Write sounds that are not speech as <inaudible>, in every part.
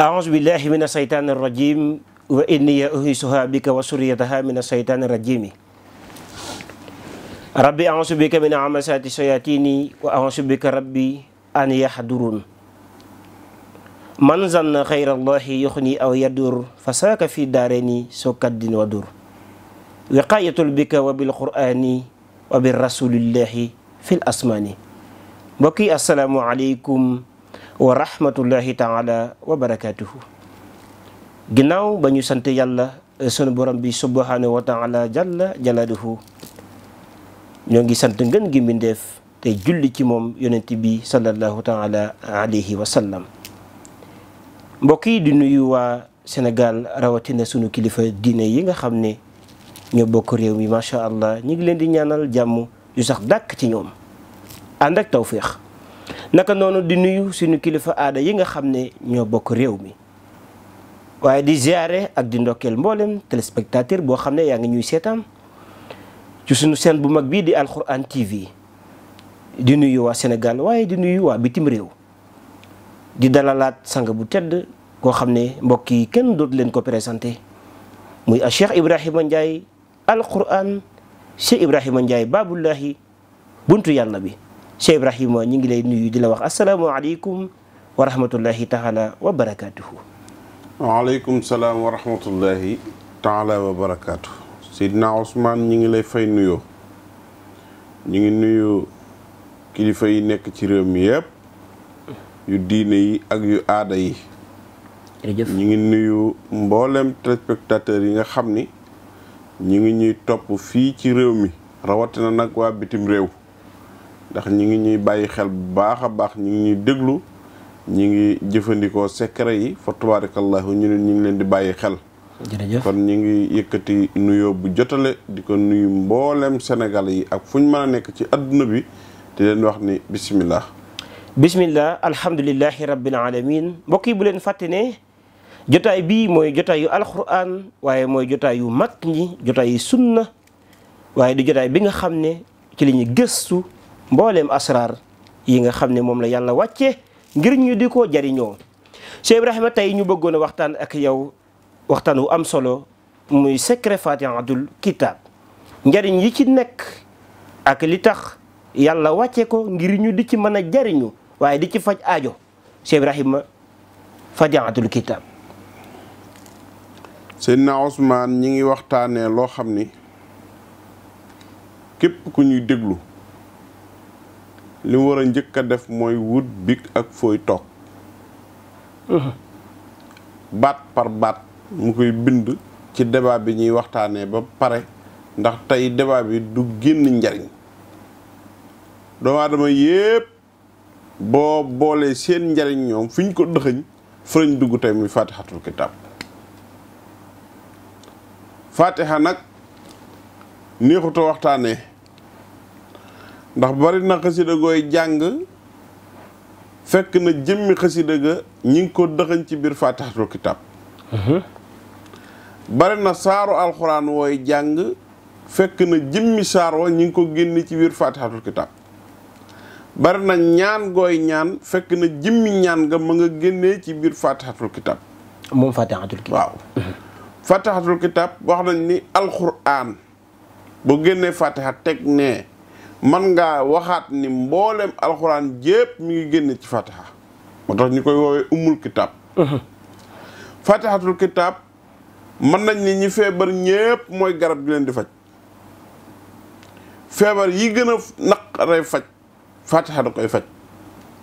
aouzu billahi min asaytaani rajim wa inniya uhisuha bika wa suriyataha min asaytaani rajimi rabbi aouzu bika min amasati sayatini wa aouzu bika rabbi an yahdurun man zanna xayra allahi yuxni aw yadur fasaaka fi daareni so kaddin wa dur wiqayatul bika wa bil qur'ani wa bi rasulillahi fil asmaani mbokk yi assalaamu aleykum wa rahmatullahi taala wa barakaatuhu ginnaaw ba ñu sant yàlla sunu borom bi subhanahu wa taala jalla jalaaluhu ñoo ngi sant ngën gi mbindeef te julli ci moom yonent bi sallallahu taala alayhi wa sallam mbokk yi di nuyu waa senegal rawatina sunu kilifa diine yi nga xam ne ñoo bokk réew mi macha allah ñu ngi leen di ñaanal jàmm yu sax dàkk ci ñoom ànd ak tawféex naka noonu di nuyu suñu kilifa aada yi nga xam ne ñoo bokk réew mi waaye di ziare ak di ndokkeel mboolem téléspectateur boo xam ne yaa ngi ñuy seetaan ci suñu seen bu mag bii di alxuraan TV di nuyu waa Sénégal waaye di nuyu waa bitim réew di dalalaat sang bu tedd koo xam ne mbokk yi kenn dootu leen ko présenté muy a Cheikh Ibrahima Ndiaye alxuraan Cheikh Ibrahima Ndiaye baabullahi buntu yàlla bi Cheikh Ibrahima ñu ngi lay nuyu di la wax asalaamaaleykum wa rahmatullahi taala wa barakaatuhu. waaleykum salaam wa rahmatullahi taala wa barakaatu. Seydina Ousmane ñu ngi lay fay nuyoo ñu ngi nuyu kilifa yi nekk ci réew mi yëpp yu diine yi ak yu aada yi. ñu ngi nuyu mboolem téléspectateurs yi nga xam ni ñu ngi ñuy topp fii ci réew mi rawatina nag waa bitim réew. ndax ñi ngi ñuy bàyyi xel bu baax a baax ñi ngi ñuy déglu ñu ngi jëfandikoo secret yi fa tabarakallahu ñu ñu ngi leen di bàyyi xel jërëjëf kon ñu ngi yëkkati nuyoo bu jotale di ko nuyu mboolem senegal yi ak fu ñu mën nekk ci àdduna bi di leen wax ni bisimilah. bisimilah alhamdulilahi rabbil alamin mbokk yi bu leen fàtte ne jotaay bii mooy jotaay yu waaye mooy jotaay yu mag ñi jotaay yu sunna waaye di jotaay bi nga xam ne ci li ñu gëstu. mbooleem asraar yi nga xam ne moom la yàlla wàcce ngir ñu di ko jariñoo Cheikh Ibrahima tey ñu bëggoon waxtaan ak yow waxtaan wu am solo muy secret fatihatul kitab njariñ yi ci nekk ak li tax yàlla wàcce ko ngir ñu di ci mën a jariñu waaye di ci faj aajo Cheikh Ibrahima fatihatul kitab Seydina Ousmane ñi ngi waxtaanee loo xam ni képp ku ñuy déglu li mu war a njëkk a def mooy wut big ak fooy toog baat par baat mu koy bind ci débat bi ñuy waxtaanee ba pare ndax tey débat bi du génn njariñ doomu aadama yépp boo boolee seen njariñ ñoom fi ñu ko dëxëñ fa dugg tey muy faatixatul kitaab faatixa nag neexuta waxtaanee ndax bari na xasida gooy jàng fekk na jëmmi xasida ga ñi ngi ko dëxañ ci biir faatixatul kitaab uh-huh. bari na saaru alxuraan wooy jàng fekk na jëmmi saar wa ngi ko génne ci biir faatixatul bari na ñaan gooy ñaan fekk na jëmmi ñaan nga ma nga génnee ci biir faatixatul kitaab moom waaw faatixatul kitaab wax nañ ni alxuraan bu génnee faatixa teg nee man ngaa waxaat ni mboolem alxuraan jépp mi ngi génne ci fatiha moo tax ñu koy woowee umul kitaab uh-huh. fatihatul kitaab mën nañ ni ñi feebar ñépp mooy garab gi leen di faj feebar yi gën a naq naqaree faj fatiha da koy faj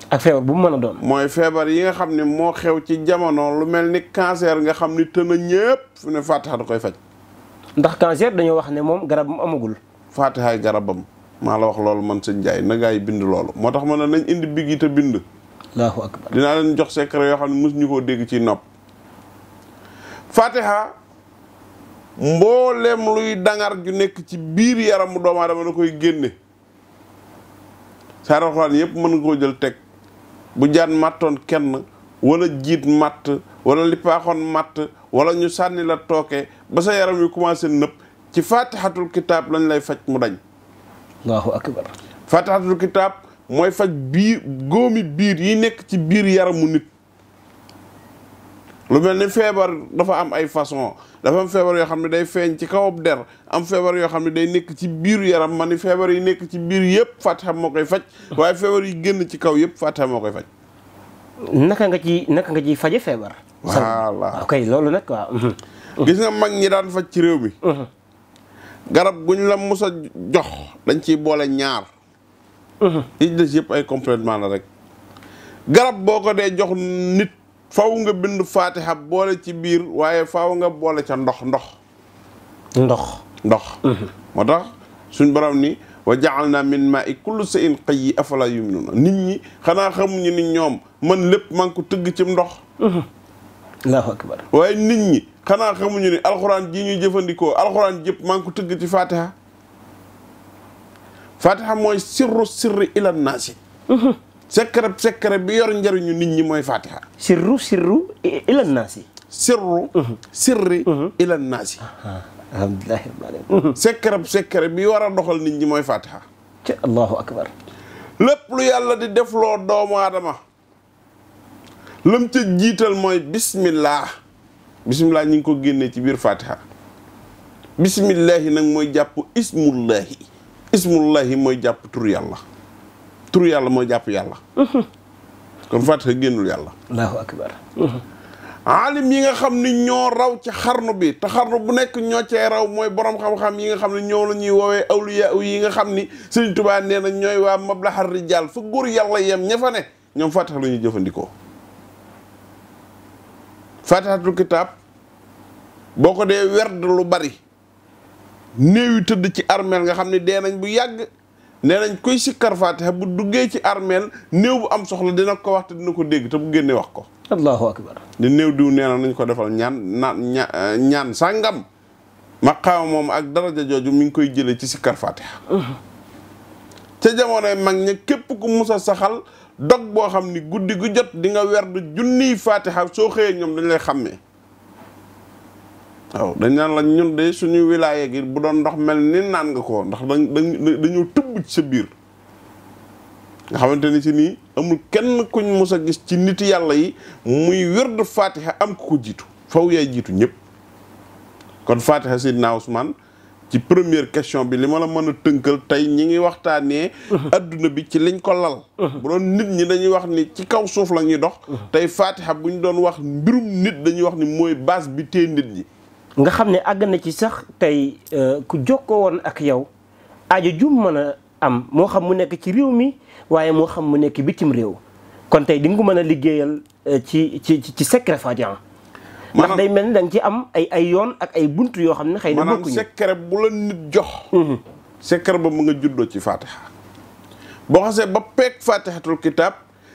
ak feebar bu mu mën a doon mooy feebar yi nga xam ne moo xew ci jamono lu mel ni cancer nga xam ni tën a ñépp fu ne fatiha da koy faj ndax cancer dañoo wax ne moom garab mu amagul fatihaay garabam maa la wax loolu man sëñ Ndiaye nagaa yi bind loolu moo tax ma ne nañ indi big yi bind. allahu dinaa leen jox secret yoo xam ne mos ñu koo dégg ci nopp. Fatiha mboolem luy dangar ju nekk ci biir yaramu doomu aadama na koy génne. saar alxuraan yëpp mën nga koo jël teg bu jaan mattoon kenn wala jiit matt wala li paaxoon matt wala ñu sànni la tooke ba sa yaram yu commencé nëpp ci faatihatul kitaab lañ lay faj mu dañ. allahu akbar fatihatul kitab mooy faj biir góomi biir yi nekk ci biir yaramu nit lu mel ni feebar dafa am ay façon dafa am feebar yoo xam ne day feeñ ci kawab der am feebar yoo xam ne day nekk ci biir yaram ma ni feebar yi nekk ci biir yëpp fatiha moo koy faj waaye feebar yi génn ci kaw yëpp fatiha moo koy faj naka nga ci naka nga ci faje feebar. voilà ok loolu nag waaw. gis nga mag ñi daan faj ci réew mi. Uh-huh. garab guñ la mus jox dañ ci boole ñaar. yi mhm. yëpp ay complément la rek. garab boo ko dee jox nit faw nga bind faatiha boole ci biir waaye faw nga boole ca ndox ndox. ndox ndox. Mhm. moo tax suñ borom ni wa ja'alna min maa'i kulli shay'in qayy afala yu'minuun nit ñi xanaa xamuñu ni ñoom man lépp maa ngi ko tëgg ci ndox. Mhm. waaye nit ñi. xanaa xamuñu ne alxuraan ji ñuy jëfandikoo alxuraan jëpp maa ngi ko tëgg ci fatiha fatiha mooy sirru sirri ila naasi uhuh. secret secret bi yor njëriñu nit ñi mooy fatiha sirru sirru ila naasi sirru uhuh. sirri uhuh. ila war a doxal nit ñi mooy fatiha ci allahu akbar lépp lu yàlla di defloo doomu aadama lam ca jiital mooy bismillah bisimilah ñu ngi ko génnee ci biir fatiha bisimilahi nag mooy jàpp ismullahi ismullahi mooy jàpp tur yàlla tur yàlla mooy jàpp yàlla mhm. kon fatiha génnul yàlla allahu akbar mhm. aalim yi nga xam ni ñoo raw ci xarnu bi te xarnu bu nekk ñoo cee raw mooy borom xam-xam yi nga xam ne ñoo la ñuy woowee awliya yi nga xam ni Sëriñ Tuubaa nee na ñooy waa mablaxar rijaal fa góor yàlla yem ña fa ne ñoom fatiha la ñuy jëfandikoo fatihatul kitaab boo ko dee werd lu bari néew yu tëdd ci armeel nga xam ne dee nañ bu yàgg nee nañ koy sikkar bu duggee ci armeel néew bu am soxla dina ko wax te dina ko dégg te bu génnee wax ko allahu akbar di néew diw nee na nañ ko defal ñaan naan ñaan sàngam maqaama moom ak daraja jooju mi ngi koy jële ci sikkar fatiha ca jamonoy mag ña képp ku musa saxal dog boo xam ni guddi gu jot dinga nga werd junniy faatiha soo xëyee ñoom dañ lay xàmmee waaw dañ naan la ñun de suñu wilaaye gi bu doon ndox mel ni naan nga ko ndax dañ dañoo tëbb ci sa biir nga xamante ni si nii amul kenn kuñ mos a gis ci nit yàlla yi muy werd faatiha am ku ko jiitu faw yaay jiitu ñëpp kon faatiha sidna Usmaan ci première question bi li ma la mën a tënkal tey ñi ngi waxtaanee. àdduna uh-huh. bi ci liñ ko lal. Uh-huh. bu doon nit ñi dañuy wax ni ci kaw suuf la ñuy dox. Uh-huh. tey Fatiha bu ñu doon wax mbirum nit dañuy wax ni mooy base bi tee nit ñi. nga xam ne àgg na ci sax tey euh, ku jokkoo woon ak yow aajo ju mën a am moo xam mu nekk ci réew mi waaye moo xam mu nekk bitim réew kon tey di nga ko mën a liggéeyal euh, ci ci ci secret Fatiha ndax day mel ni da ci am ay ay yoon ak ay buntu yoo xam ne xëy na bokkuñu maanaam secret bu la nit jox mm-hmm. secret ba mu nga juddoo ci fatiha boo xasee ba peeg fatihatul kitab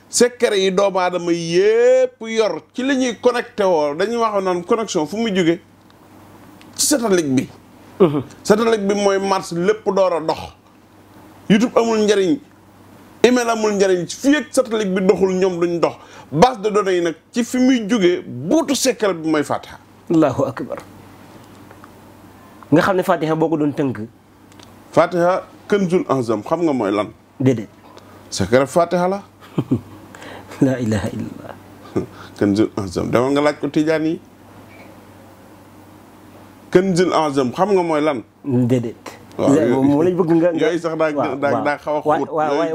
secret yi doomu aadama yépp yor ci li ñuy woo dañuy wax naan connexion fu muy jóge ci satellite bi mm-hmm. satellite bi mooy mars lépp door a dox YouTube amul njariñ email amul njariñ fii ak bi doxul ñoom duñ dox base de données yi nag ci fi muy jóge buutu secret bi mooy fatiha allahu akbar nga xam ne fatiha boo ko doon tënk fatiha kanzul azam xam nga mooy lan déedéet secret fatiha la <laughs> la ilaha illallah <laughs> kanzul azam dama nga laaj ko tijaan yi xam nga mooy lan déedéet moom lañ bëgg nga yooyu sax daa xaw a xóot waaye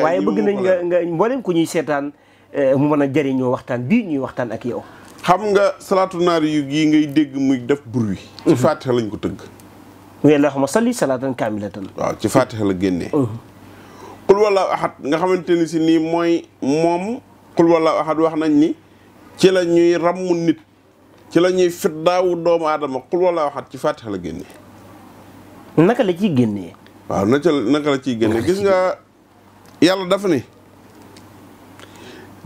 waaye bëgg nañ nga nga mboolem ku ñuy seetaan eh, mu mën a jariñoo waxtaan bii ñuy waxtaan ak yow xam nga salaatu naar yu gii ngay dégg muy def bruit ci mhm. faatixa lañ ko tëgg muy allahumma salli salaatan kaamilatan waaw ci faatixa la génnee mhm. qul nga xamante ni si nii mooy moom qul wallahu ahad wax nañ ni ci la ñuy ràmm nit ci la ñuy fiddaawu doomu aadama qul wallahu ahad ci faatixa la génnee naka la ciy génnee. waaw naka naka la ciy génnee gis nga yàlla dafa ni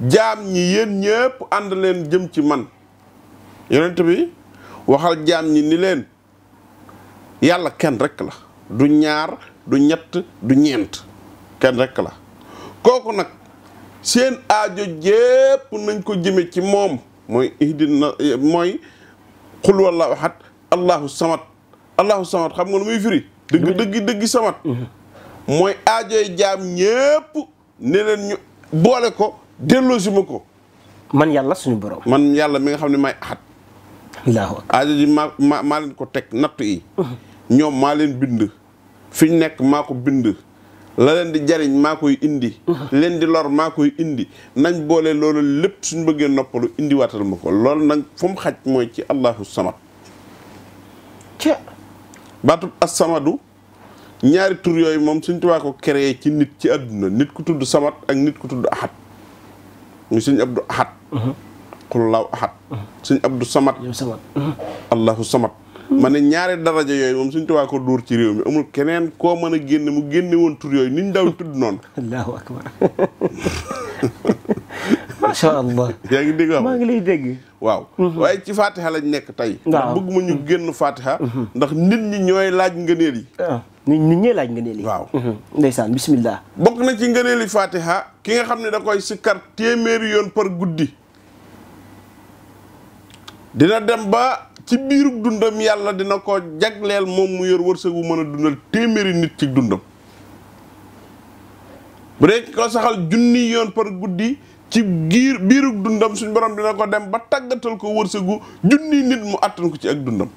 jaam ñi yéen ñëpp ànd leen jëm ci man yonent bi waxal jaam ñi ni leen yàlla kenn rekk la du ñaar du ñett du ñeent kenn rekk la kooku nag seen aajo jépp nañ ko jëme ci moom mooy ihdina mooy xul wallahu ahad allahu samad allahu samad xam nga nu muy firi dëgg dëgg dëgg samad mhm. mooy aajoy jaam ñépp ne leen boole ko delloo si ma ko man yàlla suñu borom man yàlla mi nga xam ne may axat allahu aajo ji maa leen ko teg natt yi mhm. ñoom maa leen bind fi ñu nekk maa ko bind la leen di jariñ maa koy indi mhm. leen di lor maa koy indi nañ boole loolu lépp suñ bëggee noppalu indi waatal ma ko loolu nag fu mu xaj mooy ci allahu samad baatub as-samadu ñaari tur yooyu moom suñ tubaa ko créé ci nit ci àdduna nit ku tudd samat ak nit ku tudd ahad muy suñ abdu ahad xullaaw uh-huh. ahad uh-huh. suñ abdu samat uh-huh. allahu samat ma ne ñaari daraja yooyu moom suñ tubaa ko dóor ci réew mi amul keneen koo mën a génne mu génne woon tur yooyu niñ daaw tudd noon <laughs> allahu akbar <laughs> macha allah yaa ngi dégg maa ngi lay dégg waaw mhm. waaye ci fatiha lañ nekk tey ndax ñu génn fatiha mhm. ndax nit ñi ñooy laaj ngëneel yi ah, nit ñi ñooy laaj ngëneel yi waaw mhm. ndeysaan bokk na ci ngëneel yi fatiha ki nga xam ne da koy sikkar téeméeri yoon par guddi dina dem ba ci biiru dundam yàlla dina ko jagleel moom mu yor wërsëg wu mën a dundal téeméeri nit ci dundam bu dee ko saxal junni yoon par guddi ci giir biiru dundam suñ borom dina ko dem ba tàggatal ko wërsëgu junni nit mu attan ko ci ak dundam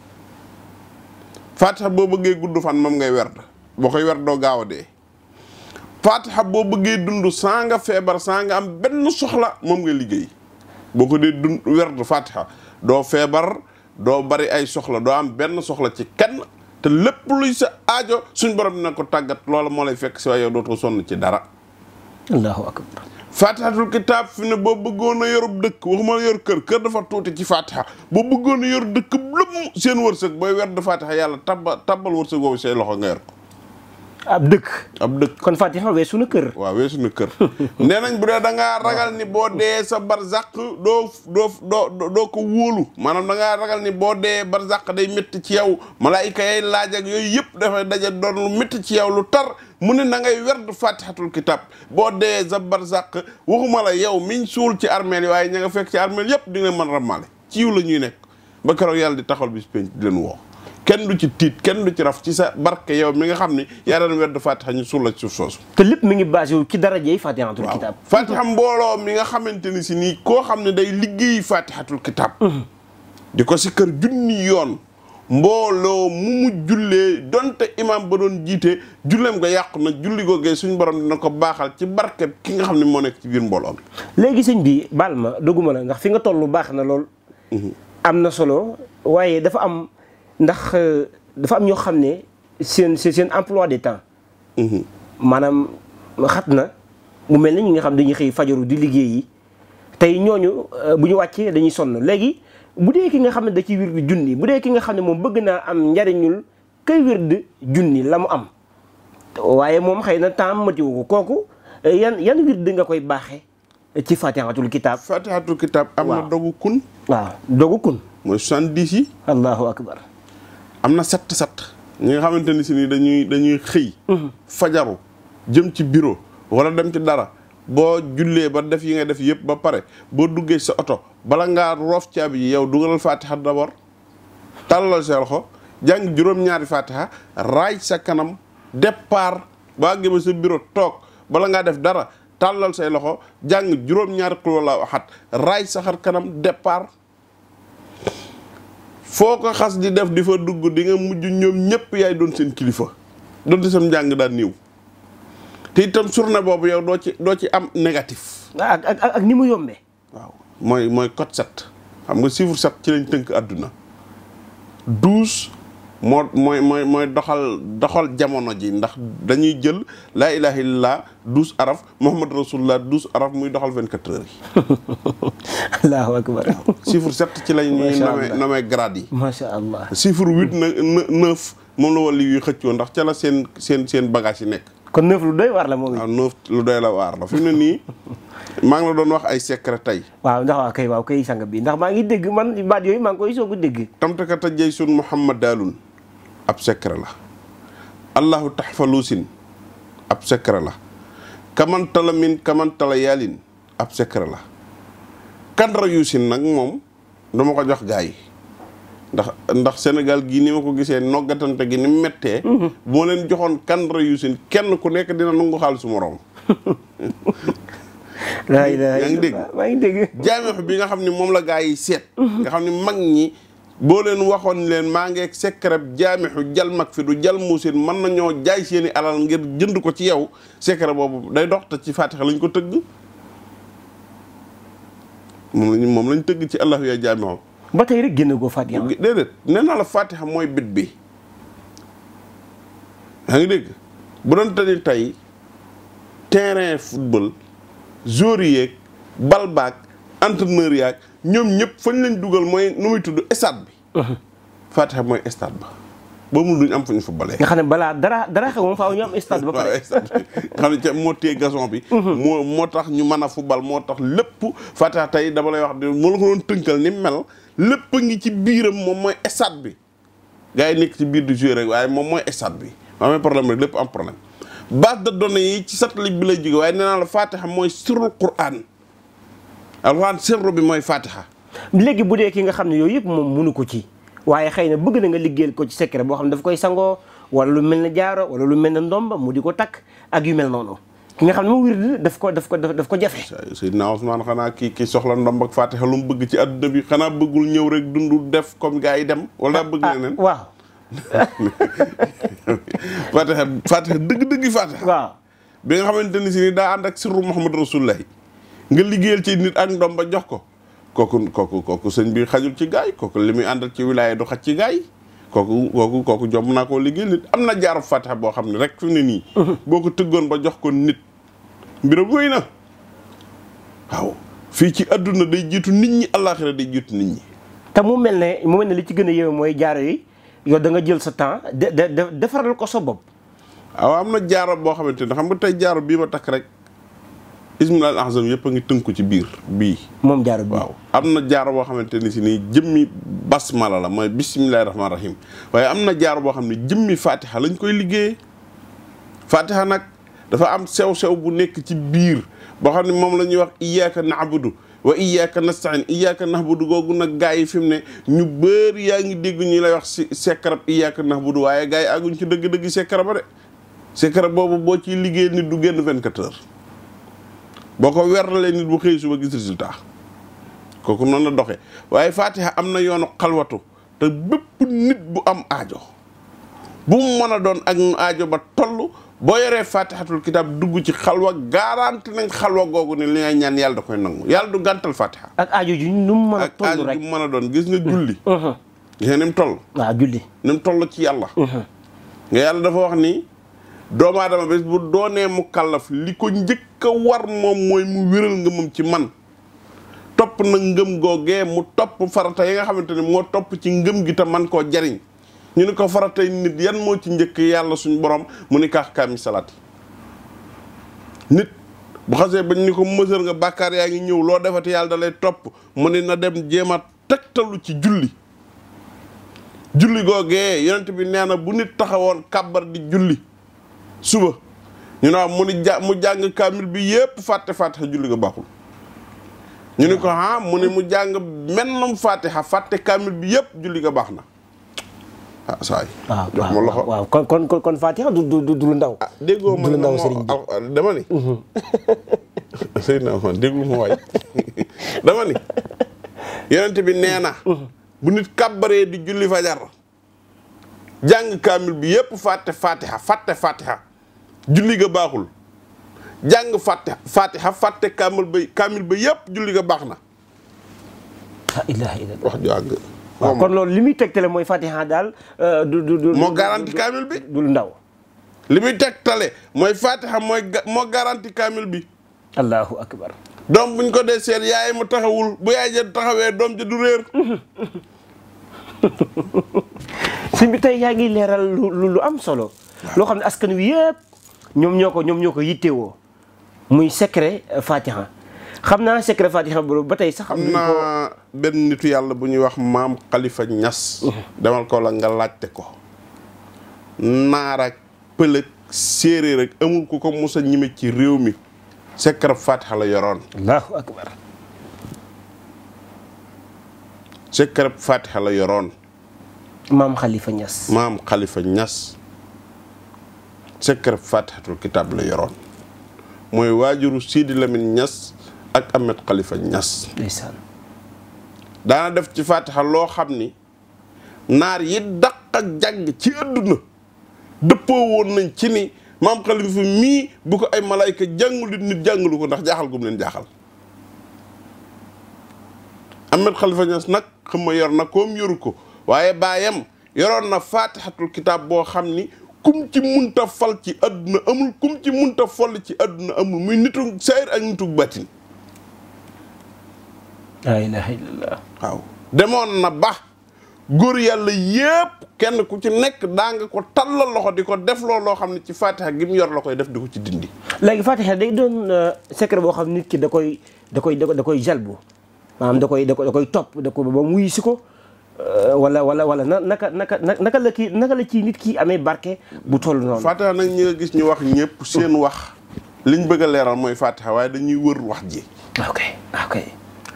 faatixa boo bëggee gudd fan moom ngay werd boo koy werd doo gaaw a dee faatixa boo bëggee dund saa feebar saa nga am benn soxla moom ngay liggéey boo ko dee dund werd faatixa doo feebar doo bari ay soxla doo am benn soxla ci kenn te lépp luy sa aajo suñ borom dina ko tàggat loola moo lay fekk si waaye yow dootoo sonn ci dara allahu faatixatul kitaab fi ne boo bëggoon a yorub dëkk waxuma yor kër kër dafa tuuti ci faatixa boo bëggoon a yor dëkk lum seen wërsëg booy werd faatixa yàlla tabba tabbal wërsëg woowu say loxo nga yor ko ab dëkk ab dëkk kon fatiha weesu na kër waaw weesu na kër <laughs> nee nañ bu dee danga ragal ni boo dee sa barzaq doo doo doo doo ko wóolu maanaam da ragal ni boo dee barzaq day métti ci yow malaayika yay laaj ak yooyu yëpp dafay daje doon lu métti ci yow lu tar mu ne na ngay werd fatihatul kitab boo dee sa barzaq waxuma la yow miñ suul ci armeel yi waaye ña nga fekk ci armeel yëpp di nga mën rammaale ci yiw la ñuy nekk ba keroog yàlla di taxawal bis penc di leen woo kenn du ci tiit kenn du ci raf ci sa barke yow mi nga xam ni yaa daan wedd fatiha ñu suul la ci suuf soosu te lépp mi ngi basé wu ci darajey fatihatul kitab fatiha mbooloo mi nga xamante ni si nii koo xam ne day liggéey fatihatul kitab di ko si kër junni yoon mbooloo mu mu jullee donte imam ba doon jiite julleem nga yàqu na julli googee suñ borom dina ko baaxal ci barket ki nga xam ni moo nekk ci biir mbooloo mi léegi sëñ bi baal ma doguma la ndax fi nga toll baax na lool am na solo waaye dafa am ndax euh, dafa am ñoo xam ne seen seen emploi de temps. Mhm. maanaam xat na mu mel ni ñi nga xam dañuy xëy fajaru di liggéey yi tey ñooñu euh, bu ñu wàccee dañuy sonn léegi bu dee ki nga xam ne da ciy wird junni bu dee ki nga xam ne moom bëgg naa am njariñul kay wird junni la mu am. waaye moom xëy na temps matiwu ko kooku euh, yan yan wird nga koy baaxee ci fatihatul kitaab. fatihatul kitaab am na dogu kun. waaw dogu kun. mooy soixante-dix allahu akbar. am na sett set ñi nga xamante ni si ni dañuy dañuy xëy mhm. fajaru jëm ci bureau wala dem ci dara boo jullee ba def yi nga def yëpp ba pare boo duggee sa oto bala ngaa roof caabi yi yow dugalal fatiha d'abord tàllal sa loxo jàng juróom-ñaari fatiha raaj sa kanam départ baa gé ba sa toog bala ngaa def dara tàllal say loxo jàng juróom-ñaari xuloo la waxat raaj sa xar kanam départ foo ko xas di def di fa dugg di nga mujj ñoom ñëpp yaay doon seen kilifa doon sam njàng daan néew te itam journée boobu yow doo ci doo ci am négatif. waaw ah, ak ak ak ni mu yombee. waaw mooy mooy code sept xam nga chiffre sept ci lañ tënk àdduna douze. moo mooy mooy mooy doxal doxal jamono ji ndax dañuy jël laa ilaha illallah douze araf muhammad rasulullah douze arab muy doxal vingt quatre heures yi <laughs> allahu akbar chiffre sept ci lañ ñuy namee namee grade yi macha allah chiffre huit na neuf moom la wàllu yuy xëccoo ndax ca la seen seen seen bagage yi nekk kon neuf lu doy waar la moom ah, lu doy la waar la fi mu ne nii <laughs> maa ngi la doon wax ay secret tey waaw ndax waaw kay waaw kay sang bi ndax maa ngi dégg man baat yooyu maa ngi koy soog a dégg tamtakata jay ab secret la allahu taxfaluusin ab secret la kamantala min kamantala yaalin ab secret la kadra yuusin nag moom dama ko jox gaa yi ndax ndax Sénégal gii ni ma ko gisee noggatante gi ni mu méttee mhm. boo leen joxoon kadra yuusin kenn ku nekk dina nangu xaalisu moroom <laughs> yaa ngi dégg ngi dégg jaamix bi nga xam ne moom la gaa yi seet mhm. nga xam ne mag ñi boo leen waxoon leen maa ngi ak secret jal mag fi du jal muusin mën nañoo jaay seeni alal ngir jënd ko ci yow secret boobu day dox te ci faatixa lañ ko tëgg moom lañ moom lañ tëgg ci allahu yaa jaamixu ba tey rek génne goo faatixa déedéet nee naa la faatixa mooy bit bi yaa ngi dégg bu doon te ni tey terrain football joueurs yeeg bal entraîneur yaag ñoom ñëpp fañ lañ dugal mooy nu muy tudd stade bi. Uh-huh. Fatiha mooy stade ba. ba mu duñ am fu ñu footballee. nga xam ne balaa dara dara xew moom faaw ñu am stade ba pare. <laughs> xam moo téye gazon bi. Uh-huh. moo moo tax ñu mën a football moo tax lépp Fatiha tey dama lay wax de moo la ko doon tënkal ni mel lépp ngi ci biiram moom mooy stade bi. gars yi nekk ci biir du joueur rek waaye moom mooy stade bi ma amee problème rek lépp am problème base de yi ci satellite bi lay jóge waaye nee naa la Fatiha mooy surul Qur'an. alxuraan sirru bi mooy fatiha léegi bu dee ki nga xam ne yooyu yëpp moom munu ko ci waaye xëy na bëgg na nga liggéeyal ko ci secret boo xam ne daf koy sangoo wala lu mel ne jaaro wala lu mel ne ndomba mu di ko takk ak yu mel noonu ki nga xam ne moom wird daf ko daf ko daf ko jafe Seydina Ousmane xanaa kii kii soxla ndomb ak fatiha lu mu bëgg ci adduna bi xanaa bëggul ñëw rek dundu def comme gaa yi dem wala ah, bëgg ah, leneen waaw <laughs> fatiha fatiha dëgg-dëgg fatiha waaw bi nga xamante ni si daa ànd ak sirru Muhammad Rasulullahi nga liggéeyal ci nit ak ndom ba jox ko kooku kooku kooku sëñ bi xajul ci gaay kooku li muy àndal ci wilaya du xaj ci gaay kooku kooku kooku jom naa koo liggéeyal nit am na jaaru fatiha boo xam ne rek fi mu mhm. boo ko tëggoon ba jox ko nit mbiram wéy na waaw fii ci adduna day jiitu nit ñi àllaaxira day jiitu nit ñi. te mu mel ne mu mel ne li ci gën a yéeme mooy jaaro yi yow da nga jël sa temps de defaral ko sa bopp. waaw am na jaaro boo xamante ne xam nga tey jaaro bii ma takk rek. ismul azam yëpp a ngi tënku ci biir bii. moom jaaro bii waaw am na jaaro boo xamante ni si nii jëmmi basmala la mooy bisimilahi rahmaani rahim waaye am na jaaro boo xam ne jëmmi fatiha lañ koy liggéey fatiha nag dafa am sew-sew bu nekk ci biir boo xam ne moom la ñuy wax iyyaka na'budu wa iyyaka nasta'in iyyaka na'budu googu nag gaa yi fi mu ne ñu bëri yaa ngi dégg ñu lay wax si sekkarab iyyaka na'budu waaye gaay yi àgguñ ci dëgg-dëgg sekkara ba de sekkara boobu boo ciy liggéey nit du genn 24 heures boo ko werlee nit bu xëy suba gis résultat kooku noonu a doxee waaye fatiha am na yoonu xalwatu te bépp nit bu am aajo bu mu mën a doon ak aajo ba toll boo yoree fatihatul kitab dugg ci xalwa garanti nañ xalwa googu ne li ngay ñaan yàlla da koy nangu yàlla du gàntal fatiha. ak aajo ju nu mu a doon gis nga julli. Uh-huh. gis mu toll. ci yàlla. Uh-huh. nga yàlla dafa wax ni doomu aadama bés bu doonee mu kàllaf li ko njëkk. ka war moom mooy mu wéral ngëmam ci man topp na ngëm googee mu topp farata yi nga xamante ni moo topp ci ngëm gi te man koo jariñ ñu ni ko faratay nit yan moo ci njëkk yàlla suñu borom mu ni kaax kaami salaat nit bu xasee bañ ni ko mësër nga bàkkaar yaa ngi ñëw loo defati yàlla da lay topp mu ni na dem jéem a tegtalu ci julli julli googee yonent bi nee na bu nit taxawoon kàbbar di julli suba ñu ne mu ni ja mu jàng kaamil bi yépp fàtte fàtte julli nga baaxul ñu ni ko ah mu ne mu jàng mennum fatiha fàtte kaamil bi yëpp julli nga baax na ah saa yi ah, jox ma loxo waaw kon kon kon fatiha du du du lu ndaw ah, déggoo ma ndaw sëriñ bi dama ni mm-hmm. <laughs> sëriñ na ma déglu ma waay <laughs> dama ni yonent bi nee na mm-hmm. bu nit kàbbaree di julli fajar jàng kaamil bi yëpp fàtte fatiha fàtte fatiha julli ga baaxul jàng fàtte fatiha fàtte kaamil ba kaamil yëpp julli ga baax na. ah ilaha kon loolu li muy tegtale mooy fatiha daal euh, du du ndaw. li muy tegtale mooy fatiha mooy garanti kaamil bi. allahu akbar. doom buñ ko dee seet yaay mu taxawul bu yaay ja taxawee doom ja du réer. si <laughs> bi tey yaa ngi leeral lu am solo. loo xam ne askan wi yëpp. ñoom ñoo ko ñoom ñoo ko yittewoo muy secret fatiha xam naa secret fatiha boobu ba tey sax. am na benn nitu yàlla bu ñuy wax maam Khalifa ñas demal ko la nga laajte ko. naar ak pël ak rek amul ko ko mos a ñime ci réew mi secret fatiha la yoroon. allahu yoroon. maam Khalifa Niass. maam Khalifa Niass. secret fatihatul kitab la yoroon mooy waajuru Sidi Lamine ñas ak Ahmed Khalifa Niass daana def ci fatiha loo xam ni naar yi daq ak jàng ci àdduna dëppoo woon nañ ci ni maam Khalifa mii bu ay malayka jàngul nit nit jàngulu ko ndax jaaxal gum leen jaaxal Ahmed Khalifa Niass nag xam yor na koom yoru ko waaye baayam yoroon na fatihatul kitab boo xam ni kum ci munta fal ci adduna amul kum ci munta foll ci àdduna amul muy nitu saayir ak nitu bàtin laa ilaaha illallah demoon na ba góor yàlla yépp kenn ku ci nekk daa nga ko tallal loxo di ko def loolu loo xam ne ci fatiha gi mu yor la koy def di ko ci dindi léegi fatiha day doon euh, secret boo xam nit ki da koy da koy da koy jalbu maanaam da koy da koy topp da ko ba mu wuyu ko Euh, wala wala wala na naka naka naka la kii naka la ci nit ki amee barke bu toll noonu. Fatiha nag ñu nga gis ñu wax ñëpp seen wax liñ bëgg a leeral mooy Fatiha dañuy wër wax ji. ok ok.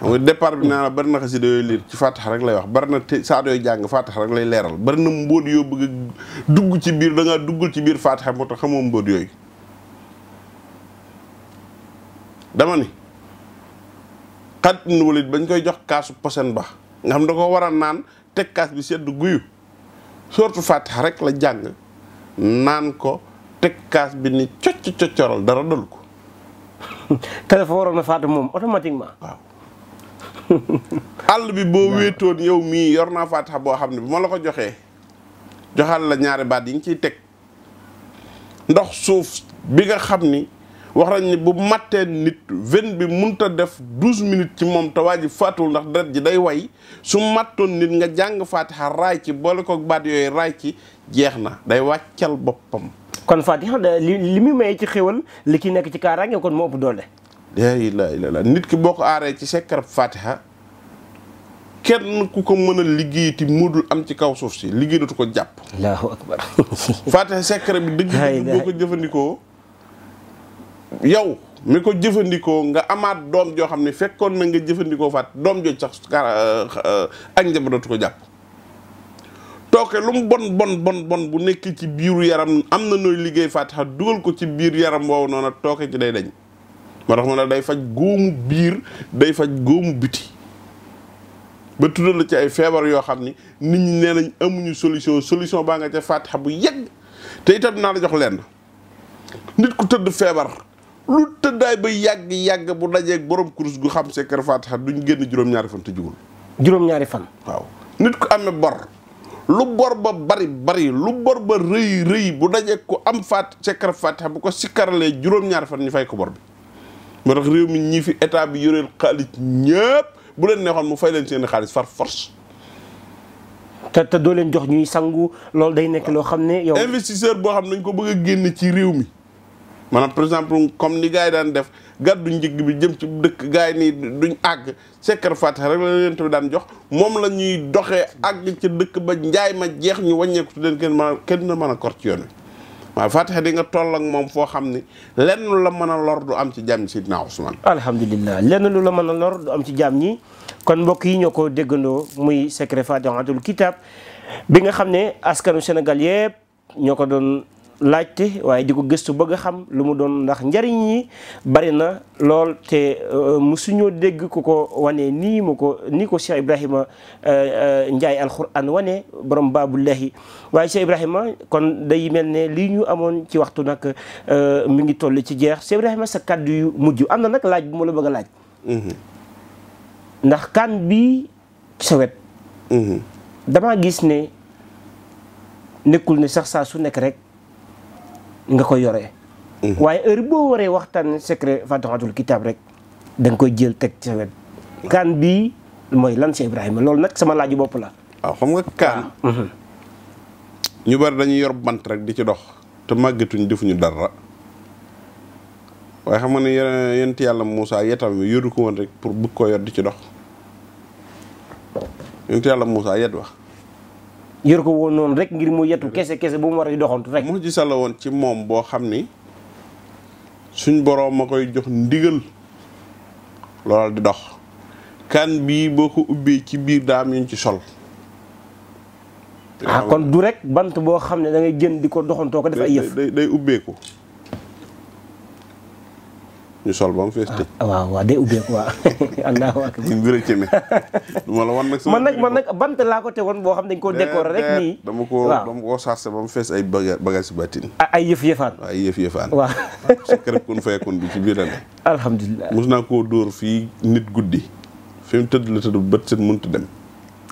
xam nga départ bi naa la bari na xasida liir ci Fatiha rek lay wax bari na te saa jàng Fatiha rek lay leeral bari na mbóot yoo bëgg dugg ci biir da duggul ci biir Fatiha moo tax xamoo mbóot yooyu. dama ni xat nu walit bañ koy jox kaasu posen ba. nga xam da ko war naan teg kaas bi sedd guyu sortu fatiha rek la jàng naan ko teg kaas bi ni cocc coccoral dara dal ko <laughs> te dafa waroon a faatu moom automatiquement waaw bi boo wéetoon yow mii yor naa fatiha boo xam ne bi ma la ko joxee joxal la ñaari baat yi nga ciy teg ndox suuf bi nga xam ni wax nañ ne bu mattee nit veine bi munta def douze minutes ci moom te waa ji faatuwul ndax deret ji day way su mattoon nit nga jàng faatixa raay ci boole ko baat yooyu raay ci jeex na day wàccal boppam kon faatixa li li muy mayee ci xéwal li ki nekk ci kaaraange kon moo ëpp doole laa ilaaha nit ki boo ko aaree ci sekkarab faatixa kenn ku ko mën a liggéeyati am ci kaw suuf si liggéey dootu ko jàpp allahu akbar <laughs> faatixa sekkara bi dëgg boo ko jëfandikoo yow mi ko jëfandikoo nga amaat doom joo xam ne fekkoon na nga jëfandikoo faat doom jooj sax euh, ak njaba ko jàpp tooke lu mu bon bon bon bon bu nekk ci biiru yaram am na nooy liggéey faatixa dugal ko ci biir yaram woowu noonu tooke ci day dañ moo tax ma ne day faj góomu biir day faj góomu biti ba tuddal la ci ay feebar yoo xam ni nit ñi nee amuñu solution solution baa nga ca faatixa bu yegg te itam naa la jox lenn nit ku tëdd feebar lu tëddaay ba yàgg yàgg bu dajee borom kurus gu xam see kër Fatiha duñ génn juróom-ñaari fan te jugul. juróom-ñaari fan. waaw nit ku amee bor. lu bor ba bari bari lu bor ba rëy rëy bu dajee ko am faat see kër Fatiha bu ko sikkaralee juróom-ñaari fan ñu fay ko bor bi. mu tax réew mi ñii fi état bi yoreel xaalis ñëpp bu leen neexoon mu fay leen seen xaalis far force. te te doo leen jox ñuy sangu loolu day nekk loo xam ne yow. investisseur boo xam nañ ko bëgg a génn ci réew mi. maanaam par exemple comme ni gars yi daan def gàddu njëgg bi jëm ci dëkk gars yi nii duñ àgg sekkar fatiha rek la leen daan jox moom la ñuy doxee àgg ci dëkk ba njaay ma jeex ñu wàññeeku su leen kenn mën mën a ci yoon wi waaw Fatiha nga toll ak moom foo xam ne lenn lu la mën a lor du am ci jàmm Sidna Ousmane. alhamdulilah lenn lu la mën a lor du am ci jàmm ñi kon mbokk yi ñoo ko déggandoo muy secret Fatihatul Kitab bi nga xam ne askanu Sénégal yëpp ñoo ko doon laajte waaye di ko gëstu bëgg a xam lu mu doon ndax njariñ yi bari na lool te euh, musuñoo dégg ko ko wane nii mu ko nii ko Cheikh Ibrahima euh, euh, Ndiaye alquran wane borom baabullahi waaye Cheikh Ibrahima kon day mel ne lii ñu amoon ci waxtu nag mu ngi toll ci jeex Cheikh Ibrahima sa kàddu yu mujj am na nag laaj bu ma la bëgg a laaj mm-hmm. ndax kan bi sa wet mm-hmm. damaa gis ne nekkul ne sax saa su nekk rek nga ko yore mhm. waaye heure boo waree waxtaan secret fatixatul kitaab rek danga nga koy jël teg ci sa wet kaan bii mooy lan si Ibrahima loolu nag sama laaju bopp la waaw xam nga kaan ah, mhm. ñu bari dañuy yor bant rek di ci dox te màggatuñ defuñu dara waaye xam nga ne yent yàlla muusa yetam mi yoru ko rek pour bëgg koo yor di ci dox yent yàlla Moussa yet wax yor ko woon noonu rek ngir mu yetu kese kese bu mu war a doxantu rek. mu gis la woon ci moom boo xam ni suñ boroom ma koy jox ndigal loolu di dox. kan bii boo ko ubbee ci biir daa daam yuñ ci sol. ah kon du rek bant boo xam ne da ngay jën di ko doxantoo ko def ay yëf day ubbeeku. ñu sol ba mu fees tëj. Ah, waaw waaw day <laughs> la wan nag. man nag man nag bant laa ko tegoon boo xam dañ koo décorer rek nii. dama koo dama koo sarse ba mu fees ay baga bagage batin. ay yëf yëfaan. waaw ay yëf yëfaan. waaw. sa kër kun fayakun biir la ne. alhamdulilah mos naa koo dóor fii nit guddi. fi mu tëdd la tëdd bët set mënut dem.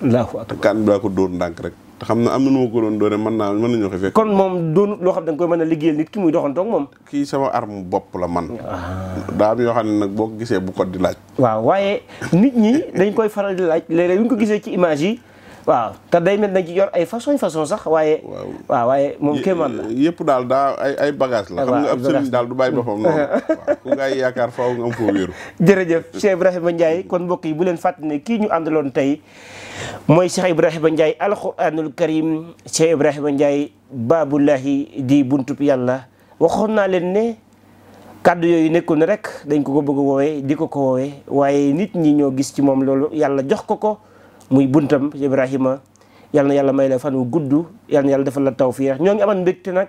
allahu akbar kan bi ko dóor ndànk rek. xam na am na nu ma ko doon doone mën naa mën nañoo ko fekk. kon moom doonut loo xam da nga koy mën a liggéeyal nit ki muy doxantoog moom. kii sama arme bopp la man. Ah. daa am yoo xam ne nag boo ko gisee bu ko di laaj. waaw waaye nit ñi dañ koy faral di laaj léeg-léeg bu ñu ko gisee ci image yi waaw te day mel na yor ay façon façon sax waaye. waaw waaw waaye moom kéemaan la. yëpp daal daa ay ay la. xam nga ab sëriñ daal du bàyyi boppam noonu. <laughs> waaw ku ngay yaakaar faaw nga am foo wéeru. jërëjëf Cheikh Ibrahima Ndiaye kon mbokk yi bu leen fàttali ne kii ñu àndaloon tey mooy Cheikh Ibrahima Ndiaye alquranul karim Cheikh Ibrahima Ndiaye baabulahi di buntub yàlla waxoon naa leen ne. kàddu yooyu nekkul ne rek dañ ko ko bëgg woowee di ko ko woowee waaye nit ñi ñoo gis ci moom loolu yàlla jox ko ko. muy buntam Ibrahima yal na yàlla may la fan wu gudd yal yàlla defal la tawfiix ñoo ngi amoon mbégte nag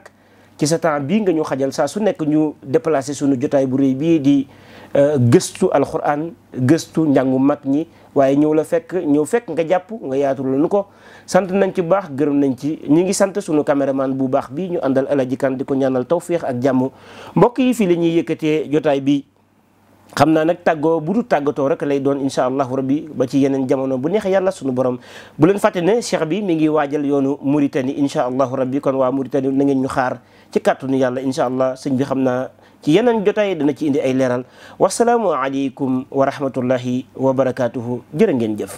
ci sa temps bii nga ñu xajal saa su nekk ñu déplacé suñu jotaay bu réy bii di euh, gëstu alxuraan gëstu njàngu mag ñi waaye ñëw la fekk ñëw fekk nga jàpp nga yaatul la nu ko sant nañ ci baax gërëm nañ ci ñu ngi sant sunu caméraman bu baax bii ñu àndal Alaji Kan di ko ñaanal tawfiix ak jàmm mbokk yi fii la ñuy jotaay bi xam naa nag tàggoo bu du tàggatoo rek lay doon incha allahu rabbi ba ci yeneen jamono bu neex yàlla sunu borom bu leen fàtte ne cheikh bi mi ngi waajal yoonu Mauritanie incha allahu rabbi kon waa Mauritanie na ngeen ñu xaar ci kàttanu yàlla incha allah sëñ bi xam naa ci yeneen jotaay dana ci indi ay leeral wasalaamu aleykum wa rahmatullahi wa barakaatuhu jërë ngeen jëf